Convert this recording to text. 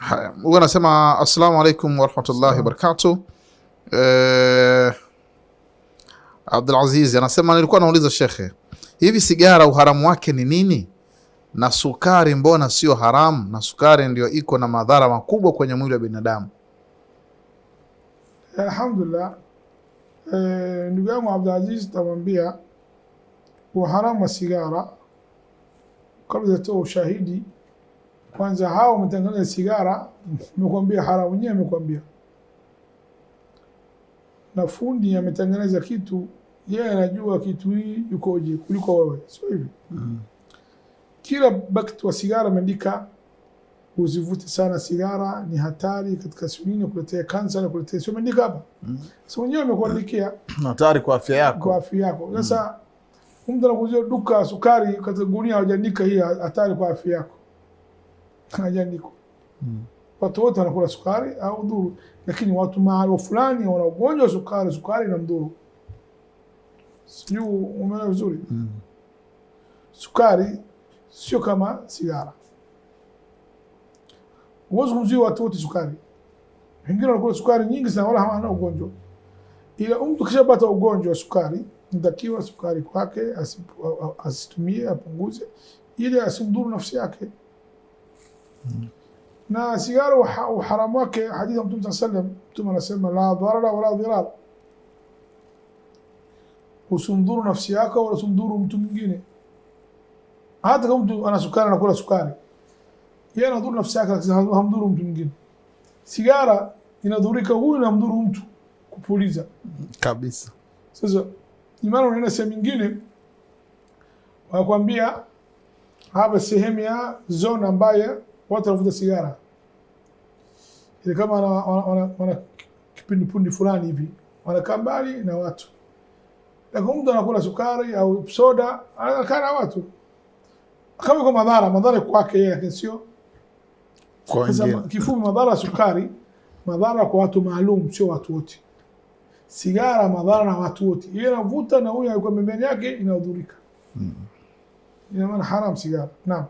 Haya, huyu anasema assalamu alaikum warahmatullahi wabarakatu Eh, Abdul Aziz anasema nilikuwa nauliza shekhe, hivi sigara uharamu wake ni nini, na sukari mbona sio haramu, na sukari ndio iko na madhara makubwa kwenye mwili wa binadamu? Eh, alhamdulillah. Eh, ndugu yangu Abdul Aziz tamwambia uharamu wa sigara kabla ya ushahidi kwanza hao wametengeneza sigara, nimekuambia haramu, wenyewe amekuambia. Na fundi ametengeneza kitu, yeye anajua kitu hii yukoje kuliko wewe, sio hivi? mm -hmm. Kila bakti wa sigara ameandika usivute sana sigara, ni hatari katika sunini, kuletea kansa, na kuletea sio, ameandika hapa. mm -hmm. So wenyewe amekuandikia hatari kwa afya yako, kwa afya yako. Mm. Sasa mm -hmm. mtu anakuuzia duka sukari katika gunia, hawajaandika hii hatari kwa afya yako Tanganyika. Mm. Watu wote wanakula sukari au dhuru, lakini watu maalum fulani wana ugonjwa wa sukari, sukari na mdhuru. Sijui umeona vizuri? Mm. Sukari sio kama sigara. Huwezi kumzuia watu wote sukari. Wengine wanakula sukari nyingi sana wala hawana ugonjwa. Ila mtu kishapata ugonjwa wa sukari, ndakiwa sukari kwake asitumie, apunguze ili asimdhuru nafsi yake na sigara uharamu wake hadithi ya Mtume saa sallam, Mtume anasema la dharara wala dhirar, usimdhuru nafsi yako wala usimdhuru mtu mwingine. Hata kama mtu ana sukari anakula sukari, yeye anadhuru nafsi yake, lakini hamdhuru mtu mwingine. Sigara inadhurika huyu na mdhuru mtu kupuliza kabisa. Sasa imani unaenda sehemu nyingine, wanakuambia hapa sehemu ya zona ambayo watu wanavuta sigara ile kama wana, wana, wana, wana kipindupindi fulani hivi, wanakaa mbali na watu. Lakini mtu anakula sukari au soda, anakaa na watu kama kwa madhara, madhara kwake yeye, lakini sio kwa wengine. Kifupi, madhara ya sukari madhara kwa watu maalum, sio watu wote. Sigara madhara na watu wote, yeye anavuta na huyo alikuwa pembeni yake inadhurika. Mm. Ina maana haram sigara. Naam.